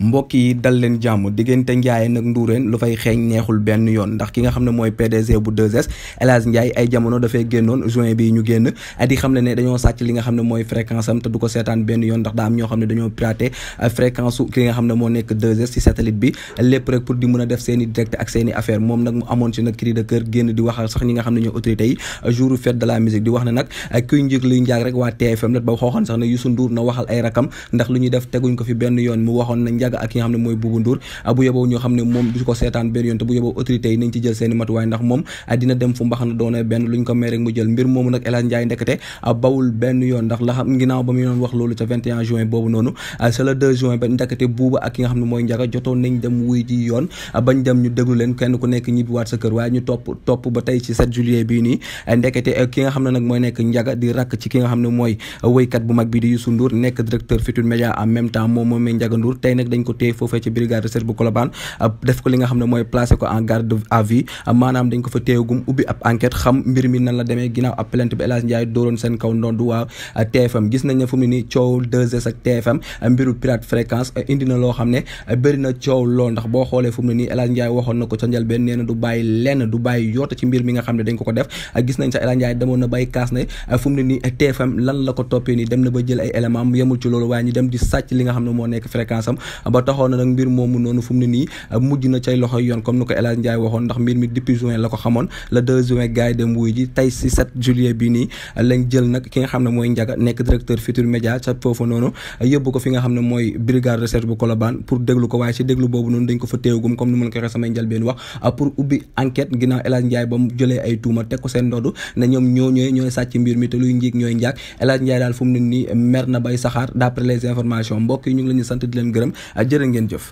mbokk yi dal leen jàmm diggante Ndiaye nag Ndourène lu fay xeeñ neexul benn yoon ndax ki nga xam ne mooy PDG bu 2S El Hadj Ndiaye ay jamono dafay génnoon juin bi li nga xam ne mooy fréquence am te du ko seetaan benn yoon ndax ne dañoo piraté euh, fréquence su ki nga s ci satellite bi lépp rek pour di moom nag mu amoon ci nag de ne ñoo autorité yi euh, jour fête la musique di wax ne nag euh, kuy njëg luy njaag rek waa TFM la ba xooxoon sax ne Youssou Ndour na waxal ay rakam ndax lu ñuy def teguñ ko fi benn yoon mu waxoon na Ndiaga ak ki nga xam ne mooy Boubou Ndour ah, bu yeboo ñoo xam ne moom du ko seetaan benn yoon te bu yeboo autorité yi nañ ci jël seeni matuwaay ndax moom ah, dina dem fu mbaxana doone benn luñ ko may mu jël mbir moomu nag El Hadj Ndiaye ah, ku nekk ñibbiwaat sa kër waaye ñu topp topp ba tey ci ki nga nekk Ndiaga bu bi di Youssou Ndour dañ ko téye foofee ci brigade recherche bu Colobane def ko euh, gis nañ ne fu mu nii coow 2S ak TFM euh, mbiru pirate fréquence euh, indi na loo xam ne bëri na coow lool ndax boo xoolee fu mu nii El Hadj waxoon na ko ca njëlbeen nee du bàyyi lenn du bàyyi yoota ci mbir mi nga xam ne dañ ko ko def gis nañ sax El Hadj demoon na bay kaas ne fu mu ne nii TFM yemul ci loolu waaye ñu dem di sàcc li nga xam ne moo nekk fréquence ba taxoon na nag mbir moomu noonu fu ni nii mujj na cay loxoy yoon comme ni ko El Hadj Ndiaye waxoon ndax mbir mi depuis juin la ko xamoon le 2 juin gars dem wuy ji bi nii lañ jël nag ki nga xam ne mooy Ndiaga nekk directeur Futurs Médias ca noonu yóbbu ko fi nga xam ne mooy brigade recherche bu pour déglu ko waaye si boobu noonu dañ ko fa téewgum comme ni mën ko waxee samay njëlbeen wax pour ubbi enquête ginnaaw El Hadj ba mu jëlee ay tuuma te ko seen ndodd ne ñoom ñoo ñooy ñooy sàcc mbir mi te luy njiig ñooy njaag El Hadj daal fu mu nii mer na bay saxaar d'après les informations mbokk yi ñu ngi sant di leen gërëm jërë ngeen jëf